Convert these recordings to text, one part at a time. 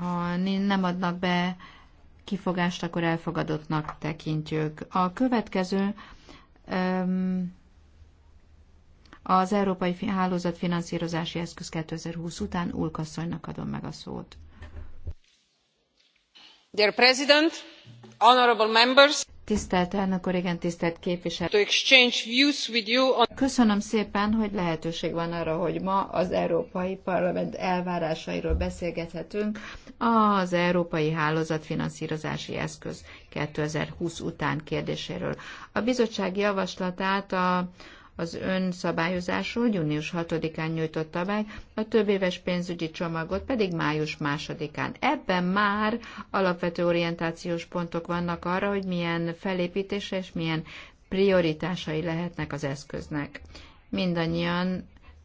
ha nem adnak be kifogást, akkor elfogadottnak tekintjük. A következő az Európai Hálózat finanszírozási eszköz 2020 után Ulkasszonynak adom meg a szót. Dear President, honorable members, Tisztelt elnök úr, igen, tisztelt képviselő. Köszönöm szépen, hogy lehetőség van arra, hogy ma az Európai Parlament elvárásairól beszélgethetünk az Európai Hálózat finanszírozási eszköz 2020 után kérdéséről. A bizottság javaslatát a az önszabályozásról június 6-án nyújtotta meg, a több éves pénzügyi csomagot pedig május 2-án. Ebben már alapvető orientációs pontok vannak arra, hogy milyen felépítése és milyen prioritásai lehetnek az eszköznek. Mindannyian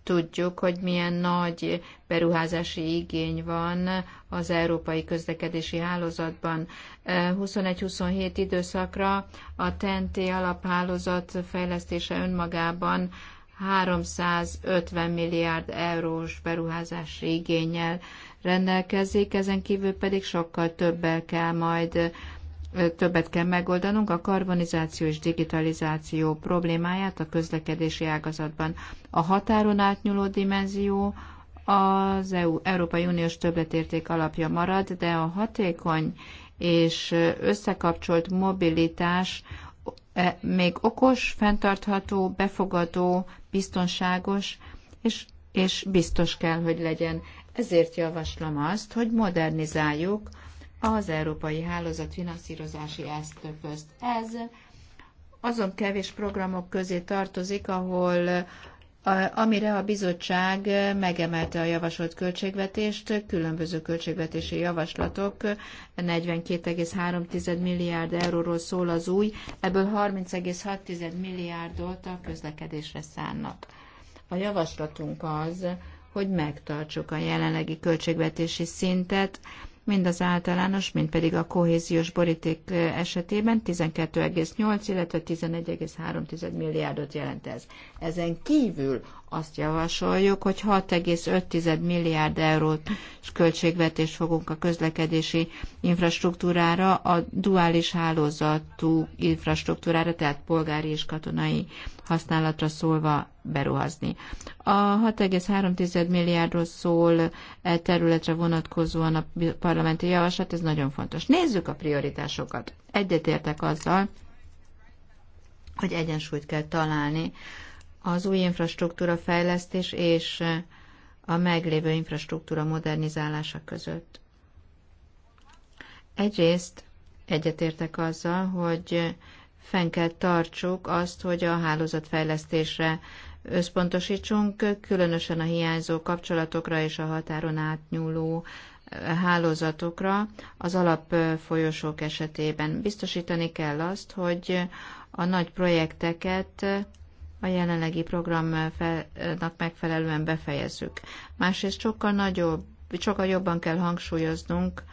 Tudjuk, hogy milyen nagy beruházási igény van az európai közlekedési hálózatban. 21-27 időszakra a TNT alaphálózat fejlesztése önmagában 350 milliárd eurós beruházási igényel rendelkezik, ezen kívül pedig sokkal többel kell majd többet kell megoldanunk a karbonizáció és digitalizáció problémáját a közlekedési ágazatban. A határon átnyúló dimenzió az EU, Európai Uniós többletérték alapja marad, de a hatékony és összekapcsolt mobilitás még okos, fenntartható, befogadó, biztonságos és, és biztos kell, hogy legyen. Ezért javaslom azt, hogy modernizáljuk az Európai Hálózat finanszírozási eszközt. Ez azon kevés programok közé tartozik, ahol amire a bizottság megemelte a javasolt költségvetést, különböző költségvetési javaslatok, 42,3 milliárd euróról szól az új, ebből 30,6 milliárdot a közlekedésre szánnak. A javaslatunk az, hogy megtartsuk a jelenlegi költségvetési szintet, mind az általános, mind pedig a kohéziós boríték esetében 12,8, illetve 11,3 milliárdot jelent ez. Ezen kívül azt javasoljuk, hogy 6,5 milliárd eurót költségvetést fogunk a közlekedési infrastruktúrára, a duális hálózatú infrastruktúrára, tehát polgári és katonai használatra szólva beruházni. A 6,3 milliárdról szól e területre vonatkozóan a parlamenti javaslat, ez nagyon fontos. Nézzük a prioritásokat. Egyetértek azzal, hogy egyensúlyt kell találni az új infrastruktúra fejlesztés és a meglévő infrastruktúra modernizálása között. Egyrészt egyetértek azzal, hogy fenn kell tartsuk azt, hogy a hálózatfejlesztésre összpontosítsunk, különösen a hiányzó kapcsolatokra és a határon átnyúló hálózatokra az alapfolyosók esetében. Biztosítani kell azt, hogy a nagy projekteket a jelenlegi programnak eh, megfelelően befejezzük. Másrészt sokkal nagyobb, sokkal jobban kell hangsúlyoznunk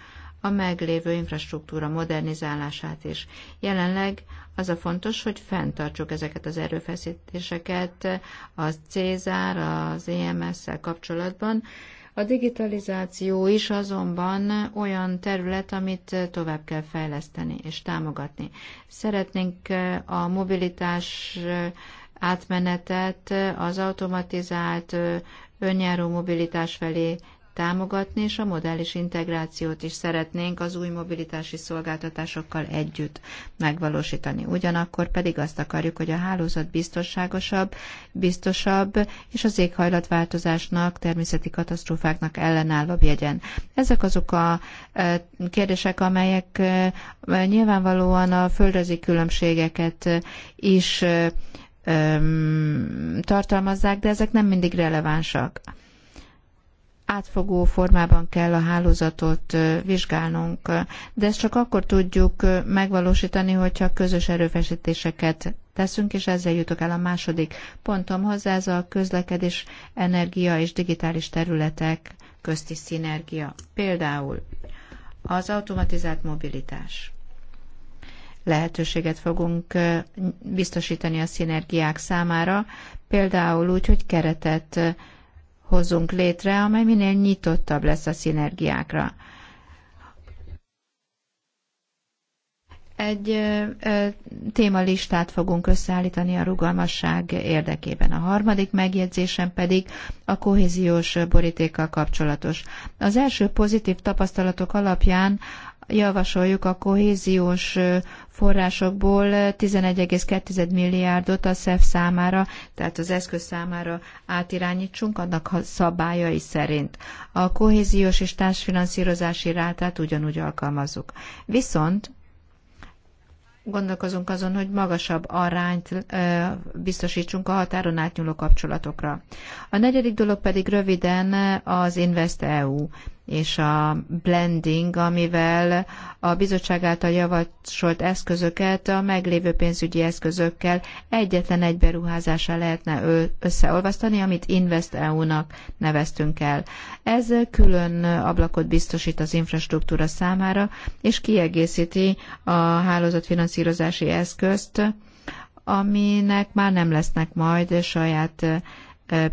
a meglévő infrastruktúra modernizálását is. Jelenleg az a fontos, hogy fenntartsuk ezeket az erőfeszítéseket a Cézár, az EMS-szel kapcsolatban. A digitalizáció is azonban olyan terület, amit tovább kell fejleszteni és támogatni. Szeretnénk eh, a mobilitás eh, átmenetet az automatizált önjáró mobilitás felé támogatni, és a modális integrációt is szeretnénk az új mobilitási szolgáltatásokkal együtt megvalósítani. Ugyanakkor pedig azt akarjuk, hogy a hálózat biztonságosabb, biztosabb, és az éghajlatváltozásnak, természeti katasztrófáknak ellenállóbb legyen. Ezek azok a kérdések, amelyek nyilvánvalóan a földrajzi különbségeket is tartalmazzák, de ezek nem mindig relevánsak. Átfogó formában kell a hálózatot vizsgálnunk, de ezt csak akkor tudjuk megvalósítani, hogyha közös erőfeszítéseket teszünk, és ezzel jutok el a második pontomhoz, ez a közlekedés, energia és digitális területek közti szinergia. Például az automatizált mobilitás lehetőséget fogunk biztosítani a szinergiák számára, például úgy, hogy keretet hozzunk létre, amely minél nyitottabb lesz a szinergiákra. Egy témalistát fogunk összeállítani a rugalmasság érdekében. A harmadik megjegyzésem pedig a kohéziós borítékkal kapcsolatos. Az első pozitív tapasztalatok alapján javasoljuk a kohéziós forrásokból 11,2 milliárdot a SZEF számára, tehát az eszköz számára átirányítsunk, annak szabályai szerint. A kohéziós és társfinanszírozási rátát ugyanúgy alkalmazzuk. Viszont gondolkozunk azon, hogy magasabb arányt ö, biztosítsunk a határon átnyúló kapcsolatokra. A negyedik dolog pedig röviden az InvestEU és a blending, amivel a bizottság által javasolt eszközöket a meglévő pénzügyi eszközökkel egyetlen egy beruházásra lehetne összeolvasztani, amit Invest EU-nak neveztünk el. Ez külön ablakot biztosít az infrastruktúra számára, és kiegészíti a hálózatfinanszírozási eszközt, aminek már nem lesznek majd saját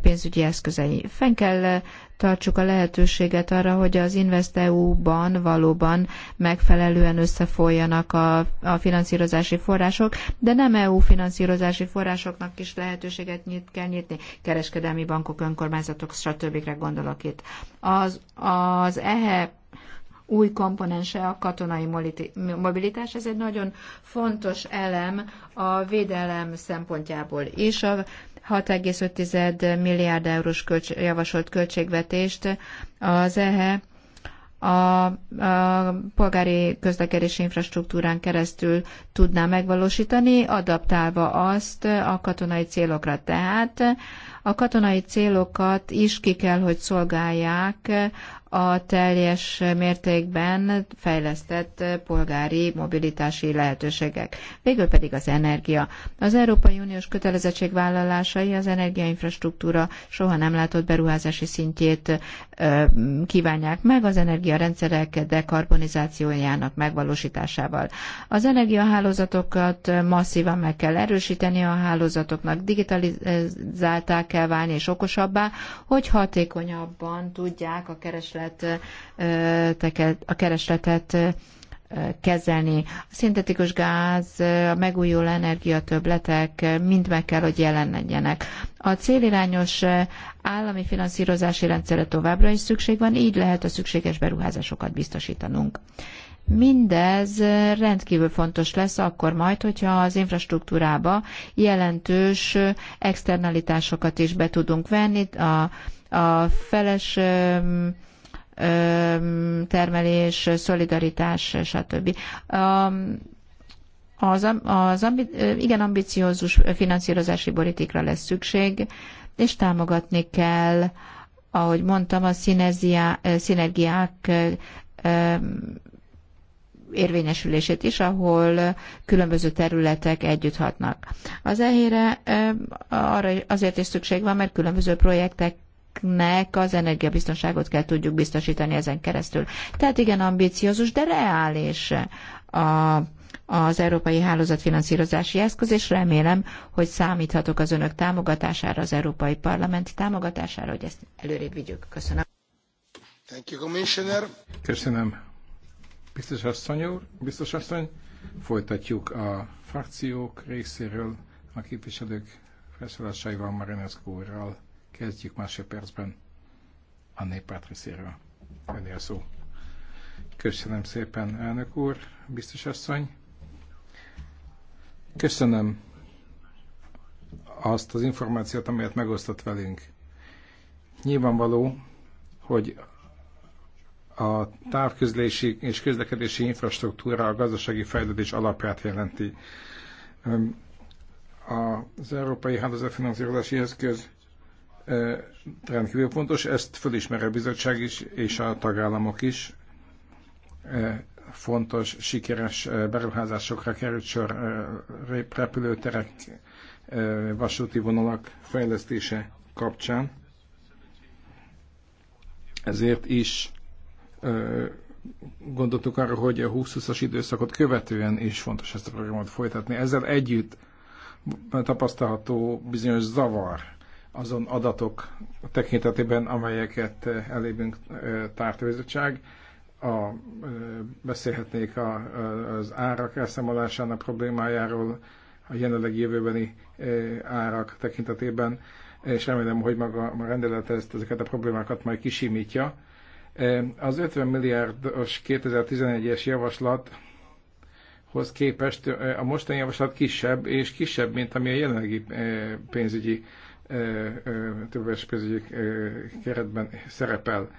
pénzügyi eszközei. Fenn kell tartsuk a lehetőséget arra, hogy az InvestEU-ban valóban megfelelően összefolyjanak a, a finanszírozási források, de nem EU finanszírozási forrásoknak is lehetőséget nyit, kell nyitni, kereskedelmi bankok, önkormányzatok, stb. gondolok itt. Az, az EHE e új komponense a katonai mobilitás. Ez egy nagyon fontos elem a védelem szempontjából is. A 6,5 milliárd eurós költs- javasolt költségvetést az EHE e a, a polgári közlekedési infrastruktúrán keresztül tudná megvalósítani, adaptálva azt a katonai célokra. Tehát a katonai célokat is ki kell, hogy szolgálják a teljes mértékben fejlesztett polgári mobilitási lehetőségek. Végül pedig az energia. Az Európai Uniós kötelezettségvállalásai az energiainfrastruktúra soha nem látott beruházási szintjét ö, kívánják meg az energiarendszerek dekarbonizációjának megvalósításával. Az energiahálózatokat masszívan meg kell erősíteni, a hálózatoknak digitalizálták kell válni és okosabbá, hogy hatékonyabban tudják a kereslet keresleteket, a keresletet kezelni. A szintetikus gáz, a megújuló energia többletek mind meg kell, hogy jelenjenek. A célirányos állami finanszírozási rendszerre továbbra is szükség van, így lehet a szükséges beruházásokat biztosítanunk. Mindez rendkívül fontos lesz akkor majd, hogyha az infrastruktúrába jelentős externalitásokat is be tudunk venni, a, a feles termelés, szolidaritás, stb. Az, az ambi, igen ambiciózus finanszírozási politikra lesz szükség, és támogatni kell, ahogy mondtam, a szinergiák érvényesülését is, ahol különböző területek együtt hatnak. Az ehére arra azért is szükség van, mert különböző projektek embereknek az energiabiztonságot kell tudjuk biztosítani ezen keresztül. Tehát igen, ambiciózus, de reális a, az Európai Hálózatfinanszírozási Eszköz, és remélem, hogy számíthatok az önök támogatására, az Európai Parlament támogatására, hogy ezt előrébb vigyük. Köszönöm. Thank you, Commissioner. Köszönöm. Biztos asszony úr, biztos asszony, folytatjuk a frakciók részéről a képviselők felszólásaival Marinescu úrral. Kezdjük másodpercben a néppárt részéről. Önél szó. Köszönöm szépen, elnök úr, biztos asszony. Köszönöm azt az információt, amelyet megosztott velünk. Nyilvánvaló, hogy a távközlési és közlekedési infrastruktúra a gazdasági fejlődés alapját jelenti. Az Európai Hálózatfinanszírozási Eszköz rendkívül fontos, ezt fölismer a bizottság is, és a tagállamok is. Fontos, sikeres beruházásokra került sor repülőterek, vasúti vonalak fejlesztése kapcsán. Ezért is gondoltuk arra, hogy a 20-20-as időszakot követően is fontos ezt a programot folytatni. Ezzel együtt tapasztalható bizonyos zavar azon adatok tekintetében, amelyeket eh, elébünk eh, tárt a bizottság. Eh, a, beszélhetnék a, az árak elszámolásának problémájáról, a jelenlegi jövőbeni árak tekintetében, és remélem, hogy maga a rendelet ezt, ezeket a problémákat majd kisimítja. Az 50 milliárdos 2011-es javaslathoz képest a mostani javaslat kisebb, és kisebb, mint ami a jelenlegi pénzügyi többes keretben szerepel.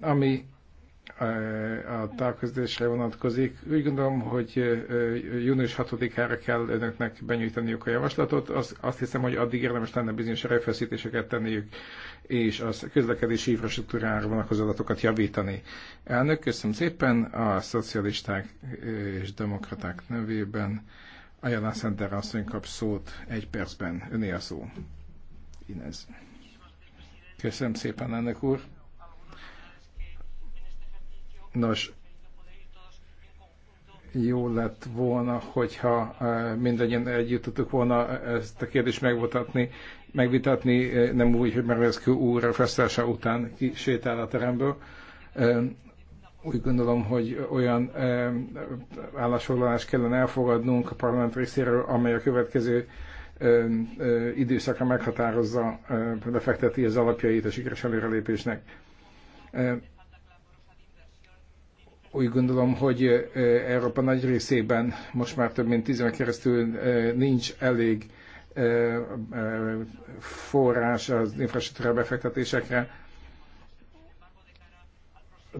Ami a távközlésre vonatkozik. Úgy gondolom, hogy június 6-ára kell önöknek benyújtaniuk a javaslatot. Azt, azt hiszem, hogy addig érdemes lenne bizonyos erőfeszítéseket tenniük, és a közlekedési infrastruktúrára vonatkozó adatokat javítani. Elnök, köszönöm szépen a szocialisták és demokraták nevében. Ajana Szenter asszony kap szót egy percben. Öné a szó. Inez. Köszönöm szépen, ennek úr. Nos, jó lett volna, hogyha eh, mindannyian együtt tudtuk volna eh, ezt a kérdést megmutatni, megvitatni, eh, nem úgy, hogy Merezkő úr a után kisétál a teremből. Úgy gondolom, hogy olyan állásfoglalást kellene elfogadnunk a parlament részéről, amely a következő időszakra meghatározza, befekteti az alapjait a sikeres előrelépésnek úgy gondolom, hogy Európa nagy részében most már több mint tíz éven keresztül nincs elég forrás az infrastruktúra befektetésekre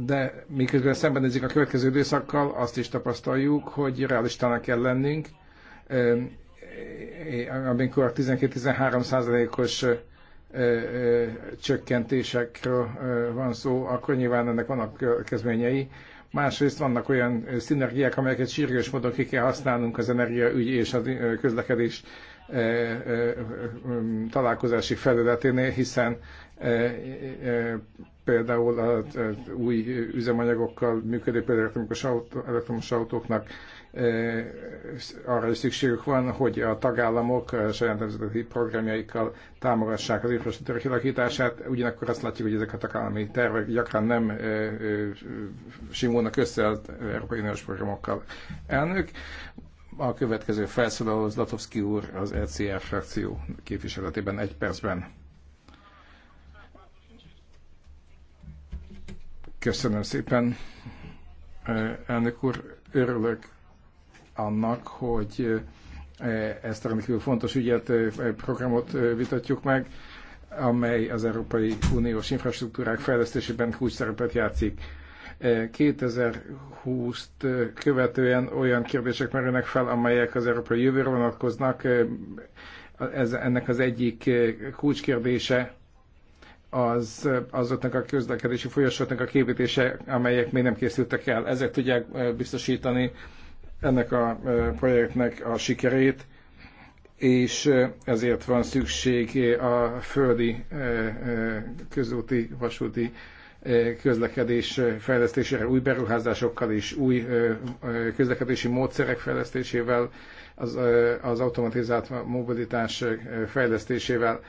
de miközben szembenézik a következő időszakkal, azt is tapasztaljuk, hogy realistának kell lennünk, amikor 12-13 százalékos csökkentésekről van szó, akkor nyilván ennek vannak kezményei. Másrészt vannak olyan szinergiák, amelyeket sírgős módon ki kell használnunk az energiaügy és a közlekedés találkozási felületénél, hiszen például az új üzemanyagokkal működő, például elektromos, autó, elektromos autóknak e, arra is szükségük van, hogy a tagállamok a saját nemzeti programjaikkal támogassák az infrastruktúra kialakítását, ugyanakkor azt látjuk, hogy ezek a tagállami tervek gyakran nem e, e, simulnak össze az Európai Uniós programokkal. Elnök, a következő felszólaló Zlatowski úr az ECR frakció képviseletében egy percben. Köszönöm szépen, e, elnök úr. Örülök annak, hogy e, ezt a rendkívül fontos ügyet, e, programot vitatjuk meg, amely az Európai Uniós infrastruktúrák fejlesztésében kulcs szerepet játszik. 2020-t követően olyan kérdések merülnek fel, amelyek az európai jövőre vonatkoznak. Ez, ennek az egyik kulcskérdése az azoknak a közlekedési folyosóknak a képítése, amelyek még nem készültek el. Ezek tudják biztosítani ennek a projektnek a sikerét, és ezért van szükség a földi közúti, vasúti közlekedés fejlesztésére, új beruházásokkal és új közlekedési módszerek fejlesztésével, az, az automatizált mobilitás fejlesztésével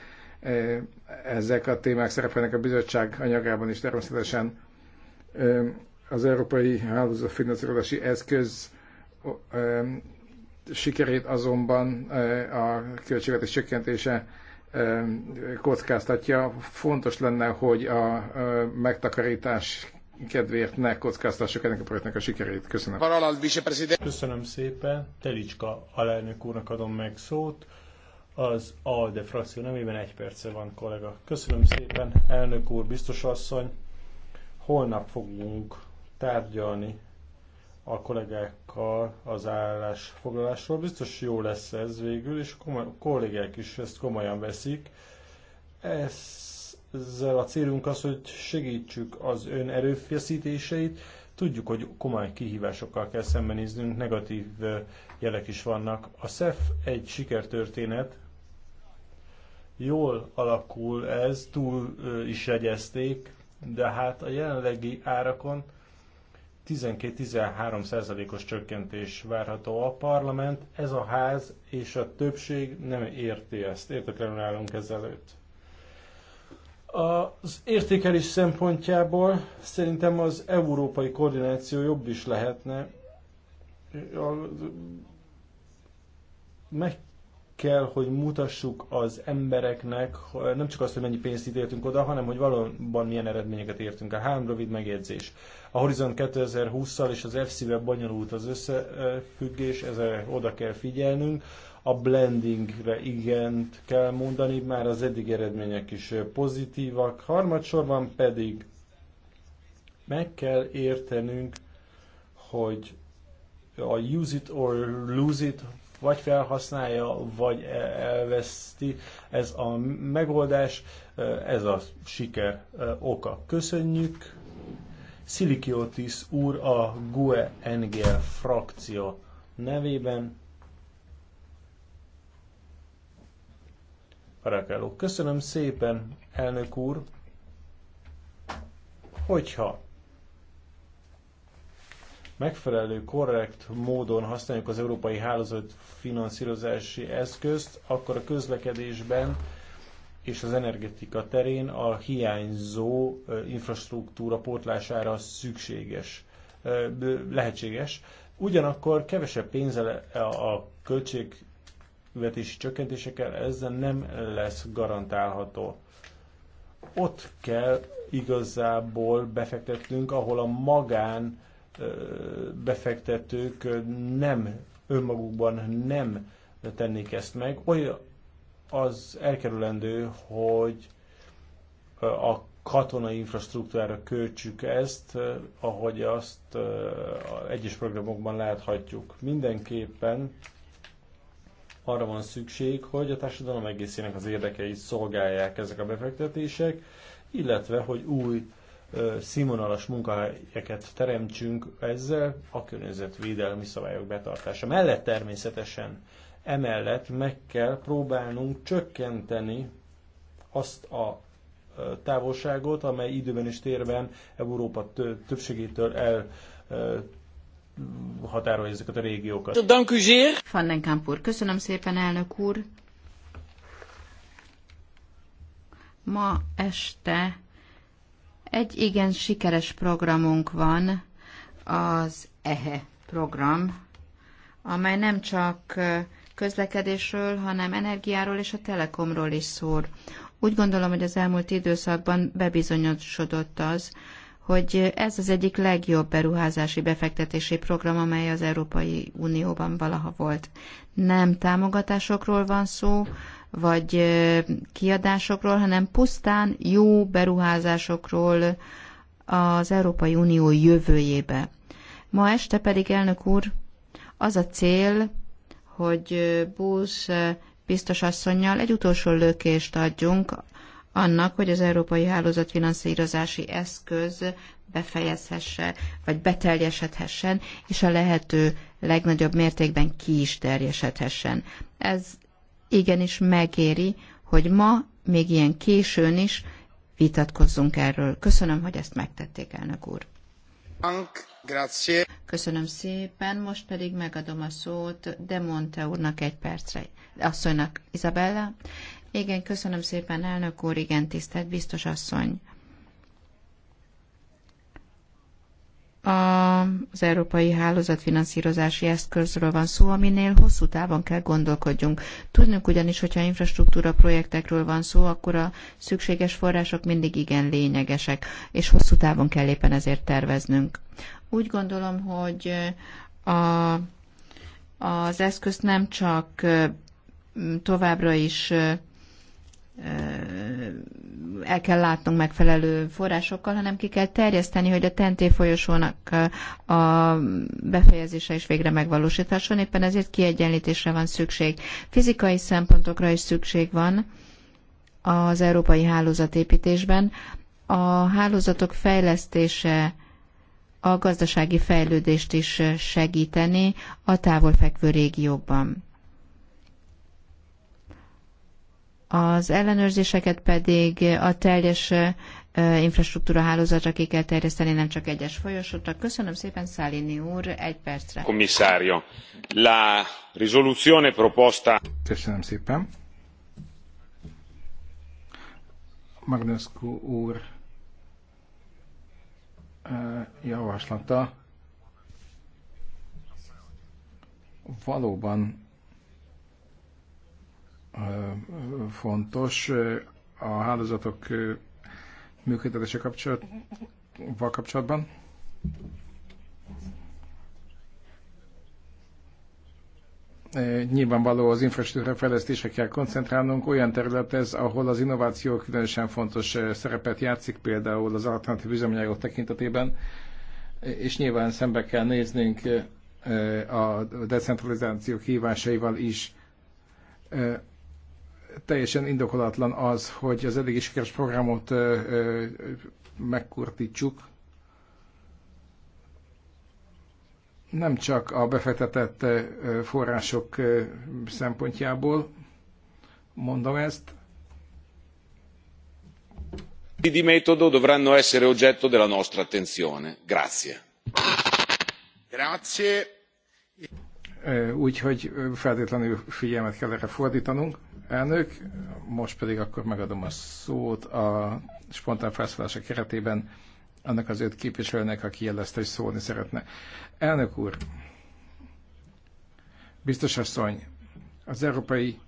ezek a témák szerepelnek a bizottság anyagában is természetesen. Az Európai hálózat finanszírozási Eszköz sikerét azonban a költségvetés csökkentése kockáztatja. Fontos lenne, hogy a megtakarítás kedvéért ne kockáztassuk ennek a projektnek a sikerét. Köszönöm. Köszönöm szépen. Telicska alelnök úrnak adom meg szót az ALDE frakció nemében egy perce van, kollega. Köszönöm szépen, elnök úr, biztos asszony. Holnap fogunk tárgyalni a kollégákkal az állásfoglalásról. Biztos jó lesz ez végül, és a kollégák is ezt komolyan veszik. Ezzel a célunk az, hogy segítsük az ön erőfeszítéseit, tudjuk, hogy komoly kihívásokkal kell szembenéznünk, negatív jelek is vannak. A SEF egy sikertörténet, jól alakul ez, túl is jegyezték, de hát a jelenlegi árakon 12-13 százalékos csökkentés várható a parlament, ez a ház és a többség nem érti ezt, értetlenül állunk ezelőtt. Az értékelés szempontjából szerintem az európai koordináció jobb is lehetne. Meg kell, hogy mutassuk az embereknek nem csak azt, hogy mennyi pénzt ítéltünk oda, hanem hogy valóban milyen eredményeket értünk el. Három rövid megjegyzés. A Horizon 2020-szal és az FC-vel bonyolult az összefüggés, ez oda kell figyelnünk. A blendingre igent kell mondani, már az eddig eredmények is pozitívak. Harmadsorban pedig meg kell értenünk, hogy a use it or lose it vagy felhasználja, vagy e- elveszti. Ez a megoldás, e- ez a siker e- oka. Köszönjük! Szilikiotis úr a GUE NGL frakció nevében. Parakeló. Köszönöm szépen, elnök úr, hogyha megfelelő, korrekt módon használjuk az európai hálózat finanszírozási eszközt, akkor a közlekedésben és az energetika terén a hiányzó infrastruktúra pótlására szükséges, lehetséges. Ugyanakkor kevesebb pénzzel e, a költségvetési csökkentésekkel ezzel nem lesz garantálható. Ott kell igazából befektetnünk, ahol a magán befektetők nem önmagukban nem tennék ezt meg. Olyan az elkerülendő, hogy a katonai infrastruktúrára költsük ezt, ahogy azt egyes programokban láthatjuk. Mindenképpen arra van szükség, hogy a társadalom egészének az érdekeit szolgálják ezek a befektetések, illetve hogy új színvonalas munkahelyeket teremtsünk ezzel a környezetvédelmi szabályok betartása mellett természetesen. Emellett meg kell próbálnunk csökkenteni azt a távolságot, amely időben és térben Európa többségétől el határolja ezeket a régiókat. Fannenkamp úr, köszönöm szépen, elnök úr. Ma este egy igen sikeres programunk van, az EHE e program, amely nem csak közlekedésről, hanem energiáról és a telekomról is szól. Úgy gondolom, hogy az elmúlt időszakban bebizonyosodott az, hogy ez az egyik legjobb beruházási befektetési program, amely az Európai Unióban valaha volt. Nem támogatásokról van szó, vagy kiadásokról, hanem pusztán jó beruházásokról az Európai Unió jövőjébe. Ma este pedig, elnök úr, az a cél, hogy Búz biztos asszonynal egy utolsó lökést adjunk annak, hogy az Európai Hálózat finanszírozási eszköz befejezhesse, vagy beteljesedhessen, és a lehető legnagyobb mértékben ki is terjesedhessen. Ez igenis megéri, hogy ma, még ilyen későn is vitatkozzunk erről. Köszönöm, hogy ezt megtették, elnök úr. Köszönöm szépen, most pedig megadom a szót De Monte úrnak egy percre. Asszonynak, Izabella? Igen, köszönöm szépen, elnök úr, igen, tisztelt biztos asszony. az Európai Hálózatfinanszírozási Eszközről van szó, aminél hosszú távon kell gondolkodjunk. Tudnunk ugyanis, hogyha infrastruktúra projektekről van szó, akkor a szükséges források mindig igen lényegesek, és hosszú távon kell éppen ezért terveznünk. Úgy gondolom, hogy a, az eszközt nem csak továbbra is el kell látnunk megfelelő forrásokkal, hanem ki kell terjeszteni, hogy a TNT folyosónak a befejezése is végre megvalósításon Éppen ezért kiegyenlítésre van szükség. Fizikai szempontokra is szükség van az európai hálózatépítésben. A hálózatok fejlesztése a gazdasági fejlődést is segíteni a távolfekvő régiókban. az ellenőrzéseket pedig a teljes infrastruktúra hálózatra ki kell terjeszteni, nem csak egyes folyosókra. Köszönöm szépen, Szálini úr, egy percre. Komisszária, la risoluzione proposta... Köszönöm szépen. Magnescu úr javaslata valóban fontos. A hálózatok működtetése kapcsolatban kapcsolatban. Nyilvánvaló az infrastruktúra fejlesztésre kell koncentrálnunk. Olyan terület ez, ahol az innováció különösen fontos szerepet játszik, például az alternatív üzemanyagok tekintetében, és nyilván szembe kell néznünk a decentralizáció kívásaival is teljesen indokolatlan az, hogy az eddigi sikeres programot megkurtítsuk. Nem csak a befektetett források szempontjából mondom ezt. Di metodo dovranno essere oggetto della nostra attenzione. Grazie. Grazie. Úgyhogy feltétlenül figyelmet kell erre fordítanunk. Elnök, most pedig akkor megadom a szót a spontán felszólása keretében annak az öt képviselőnek, aki jelezte, hogy szólni szeretne. Elnök úr, biztos asszony, az Európai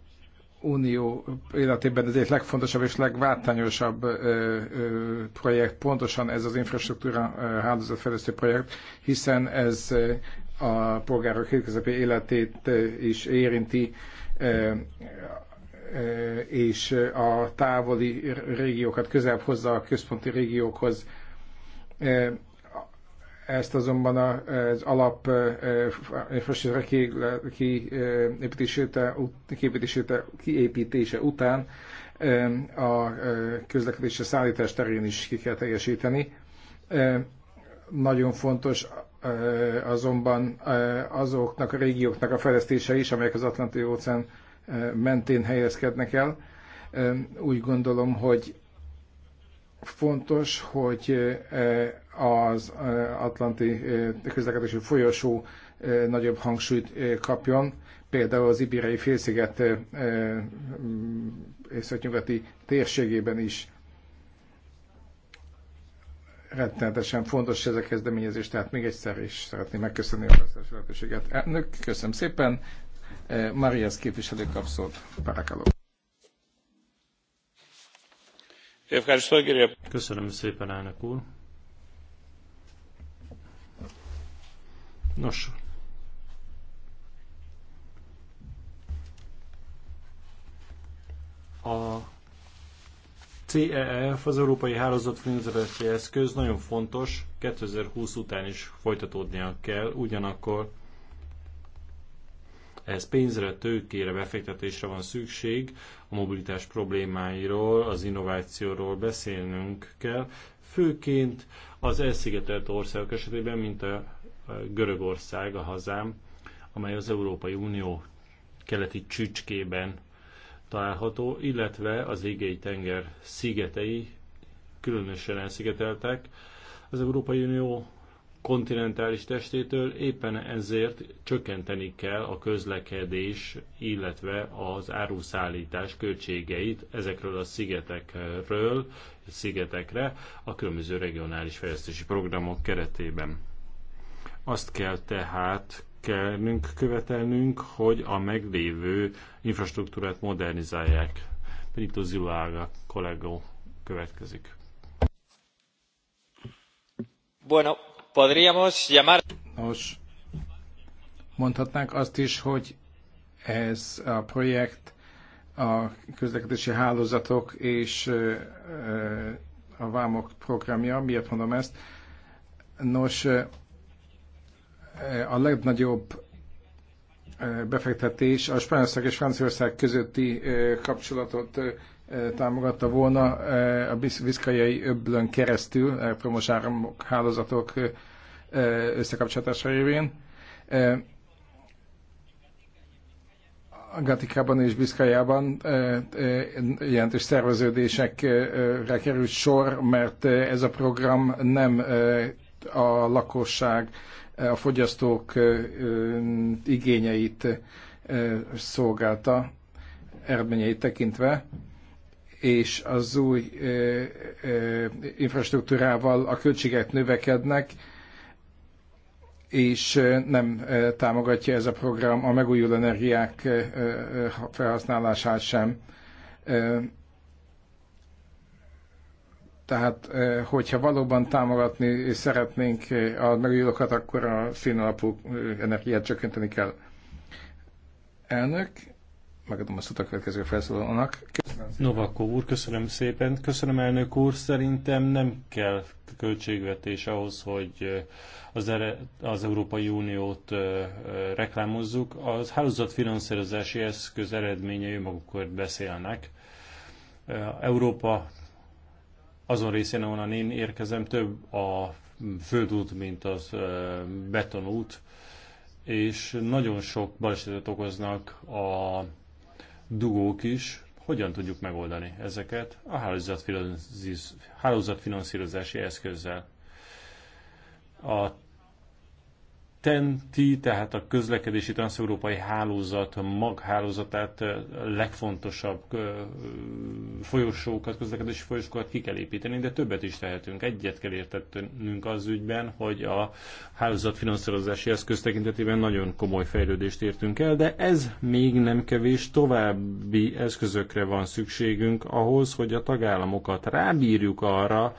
Unió életében az egyik legfontosabb és legváltányosabb ö, ö, projekt, pontosan ez az infrastruktúra hálózatfejlesztő projekt, hiszen ez a polgárok hétköznapi életét is érinti, és a távoli régiókat közelebb hozza a központi régiókhoz. Ezt azonban az alap infrastruktúra kiépítése, kiépítése után a közlekedés a szállítás terén is ki kell teljesíteni. Nagyon fontos azonban azoknak a régióknak a fejlesztése is, amelyek az Atlanti óceán mentén helyezkednek el. Úgy gondolom, hogy fontos, hogy az Atlanti közlekedési folyosó nagyobb hangsúlyt kapjon, például az Ibirei félsziget északnyugati térségében is rettenetesen fontos ez a kezdeményezés, tehát még egyszer is szeretném megköszönni a lehetőséget. Elnök, köszönöm szépen, Eh, Marias képviselő kap szót. Parakaló. Köszönöm szépen, elnök úr. Nos, a CEF, az Európai Hálózat Finanszírozási Eszköz nagyon fontos, 2020 után is folytatódnia kell, ugyanakkor ez pénzre, tőkére, befektetésre van szükség, a mobilitás problémáiról, az innovációról beszélnünk kell, főként az elszigetelt országok esetében, mint a Görögország, a hazám, amely az Európai Unió keleti csücskében található, illetve az égei tenger szigetei, különösen elszigeteltek. Az Európai Unió kontinentális testétől, éppen ezért csökkenteni kell a közlekedés, illetve az áruszállítás költségeit ezekről a szigetekről, szigetekre a különböző regionális fejlesztési programok keretében. Azt kell tehát kellünk követelnünk, hogy a meglévő infrastruktúrát modernizálják. Benito Zilaga kollégó következik. Bueno, Podríamos llamar... Nos, mondhatnánk azt is, hogy ez a projekt a közlekedési hálózatok és a vámok programja. Miért mondom ezt? Nos, a legnagyobb befektetés a Spanyolország és Franciaország közötti kapcsolatot támogatta volna a viszkajai öblön keresztül elektromos áramok, hálózatok összekapcsolatása révén. Gatikában és Biszkajában jelentős szerveződésekre került sor, mert ez a program nem a lakosság, a fogyasztók igényeit szolgálta, eredményeit tekintve, és az új ö, ö, infrastruktúrával a költségek növekednek, és nem támogatja ez a program a megújuló energiák felhasználását sem. Tehát, hogyha valóban támogatni szeretnénk a megújulókat, akkor a színalapú energiát csökkenteni kell. Elnök, megadom a szót a következő felszólalónak. Novakó úr, köszönöm szépen. Köszönöm elnök úr, szerintem nem kell költségvetés ahhoz, hogy eh, az, er az Európai Uniót eh, eh, reklámozzuk. Az hálózatfinanszírozási eszköz eredményei magukkor beszélnek. Európa azon részén, ahonnan én érkezem, több a földút, mint az betonút, és nagyon sok balesetet okoznak a dugók is, hogyan tudjuk megoldani ezeket a hálózatfinanszírozási eszközzel. A TENTI, tehát a közlekedési transzeurópai hálózat maghálózatát legfontosabb folyosókat, közlekedési folyosókat ki kell építeni, de többet is tehetünk. Egyet kell értetnünk az ügyben, hogy a hálózat finanszírozási eszköz tekintetében nagyon komoly fejlődést értünk el, de ez még nem kevés, további eszközökre van szükségünk ahhoz, hogy a tagállamokat rábírjuk arra,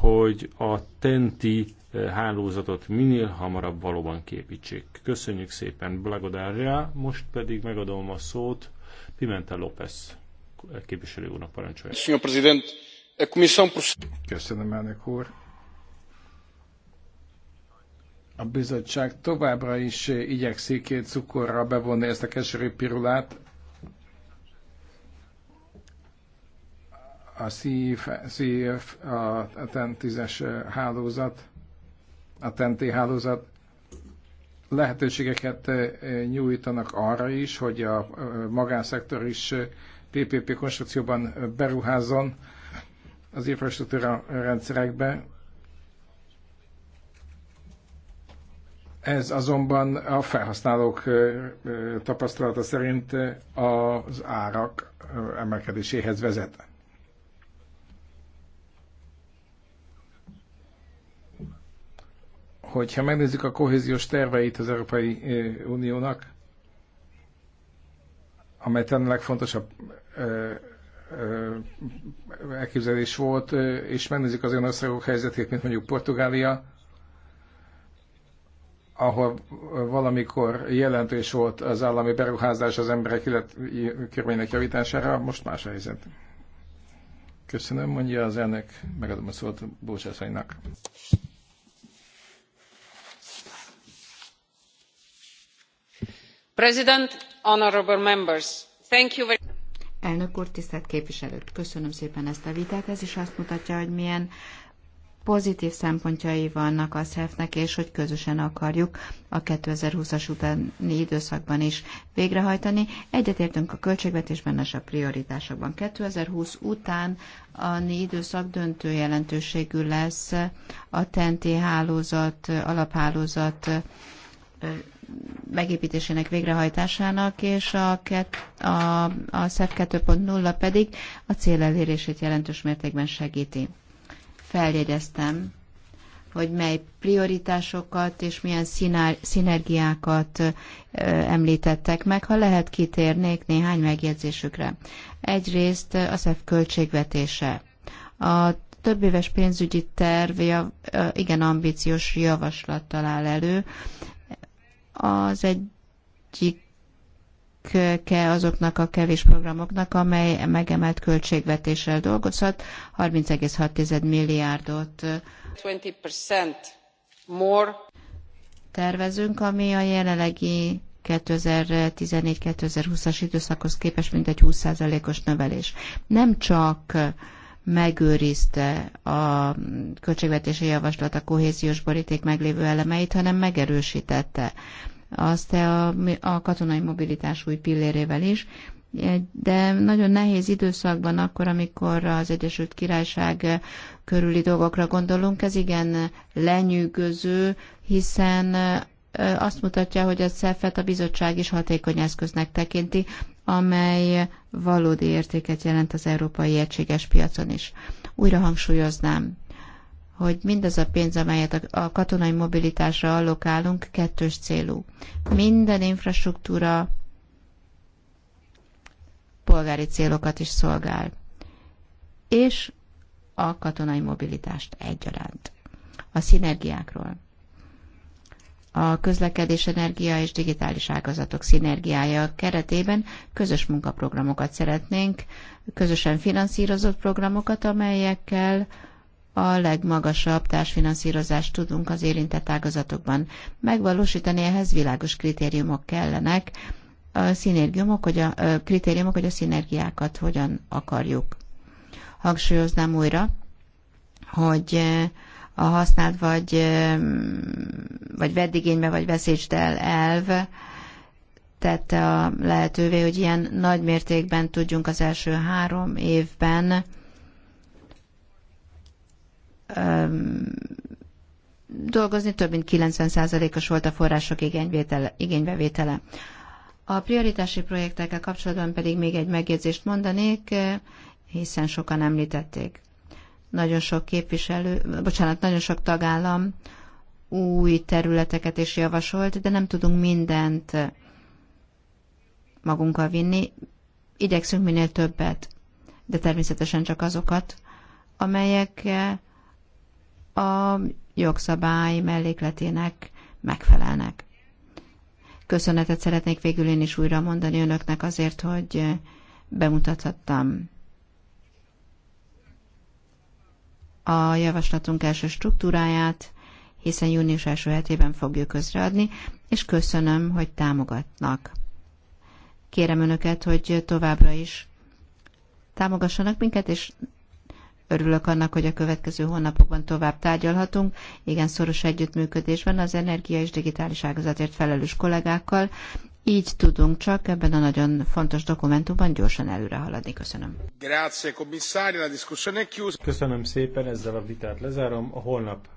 hogy a tenti hálózatot minél hamarabb valóban képítsék. Köszönjük szépen Blagodárjá, most pedig megadom a szót Pimentel López képviselő úrnak parancsolja. Köszönöm, elnök úr. A bizottság továbbra is igyekszik cukorra bevonni ezt a keserű pirulát, a CIF, CIF a TEN-10-es hálózat, a ten hálózat lehetőségeket nyújtanak arra is, hogy a magánszektor is PPP konstrukcióban beruházzon az infrastruktúra rendszerekbe. Ez azonban a felhasználók tapasztalata szerint az árak emelkedéséhez vezet. Hogyha megnézzük a kohéziós terveit az Európai Uniónak, amely talán a legfontosabb elképzelés volt, és megnézzük az olyan országok helyzetét, mint mondjuk Portugália, ahol valamikor jelentős volt az állami beruházás az emberek életkörülmények javítására, most más a helyzet. Köszönöm, mondja az elnök, megadom a szót Bócsászainak. Elnök úr, tisztelt képviselők! Köszönöm szépen ezt a vitát. Ez is azt mutatja, hogy milyen pozitív szempontjai vannak a SZEF-nek, és hogy közösen akarjuk a 2020-as utáni időszakban is végrehajtani. Egyetértünk a költségvetésben és a prioritásokban. 2020 után a időszak döntő jelentőségű lesz a TNT hálózat, alaphálózat megépítésének végrehajtásának, és a, a, a SZEF 2.0 pedig a cél elérését jelentős mértékben segíti. Feljegyeztem, hogy mely prioritásokat és milyen szinár, szinergiákat ö, említettek meg, ha lehet kitérnék néhány megjegyzésükre. Egyrészt a SZEF költségvetése. A többéves pénzügyi terv igen ambíciós javaslat talál elő, az egyik egyike azoknak a kevés programoknak, amely megemelt költségvetéssel dolgozhat, 30,6 milliárdot tervezünk, ami a jelenlegi 2014-2020-as időszakhoz képest mintegy 20%-os növelés. Nem csak megőrizte a költségvetési javaslat a kohéziós boríték meglévő elemeit, hanem megerősítette azt e a, a katonai mobilitás új pillérével is, de nagyon nehéz időszakban akkor, amikor az Egyesült Királyság körüli dolgokra gondolunk, ez igen lenyűgöző, hiszen azt mutatja, hogy a szefet a bizottság is hatékony eszköznek tekinti, amely valódi értéket jelent az európai egységes piacon is. Újra hangsúlyoznám, hogy mindaz a pénz, amelyet a katonai mobilitásra allokálunk, kettős célú. Minden infrastruktúra polgári célokat is szolgál, és a katonai mobilitást egyaránt. A szinergiákról a közlekedés, energia és digitális ágazatok szinergiája keretében közös munkaprogramokat szeretnénk, közösen finanszírozott programokat, amelyekkel a legmagasabb társfinanszírozást tudunk az érintett ágazatokban megvalósítani, ehhez világos kritériumok kellenek, a szinergiumok, hogy a, a kritériumok, hogy a szinergiákat hogyan akarjuk. Hangsúlyoznám újra, hogy a használt vagy, vagy vedd igénybe, vagy veszítsd el elv tette a lehetővé, hogy ilyen nagy mértékben tudjunk az első három évben dolgozni, több mint 90%-os volt a források igénybevétele. A prioritási projektekkel kapcsolatban pedig még egy megjegyzést mondanék, eh, hiszen sokan említették. Nagyon sok képviselő, bocsánat, nagyon sok tagállam új területeket is javasolt, de nem tudunk mindent magunkkal vinni. Igyekszünk minél többet, de természetesen csak azokat, amelyek a jogszabály mellékletének megfelelnek. Köszönetet szeretnék végül én is újra mondani önöknek azért, hogy bemutathattam a javaslatunk első struktúráját, hiszen június első hetében fogjuk közreadni, és köszönöm, hogy támogatnak. Kérem Önöket, hogy továbbra is támogassanak minket, és örülök annak, hogy a következő hónapokban tovább tárgyalhatunk, igen szoros együttműködésben az energia és digitális ágazatért felelős kollégákkal, így tudunk csak ebben a nagyon fontos dokumentumban gyorsan előre haladni. Köszönöm. Grazie, commissario. Köszönöm szépen, ezzel a vitát lezárom. A holnap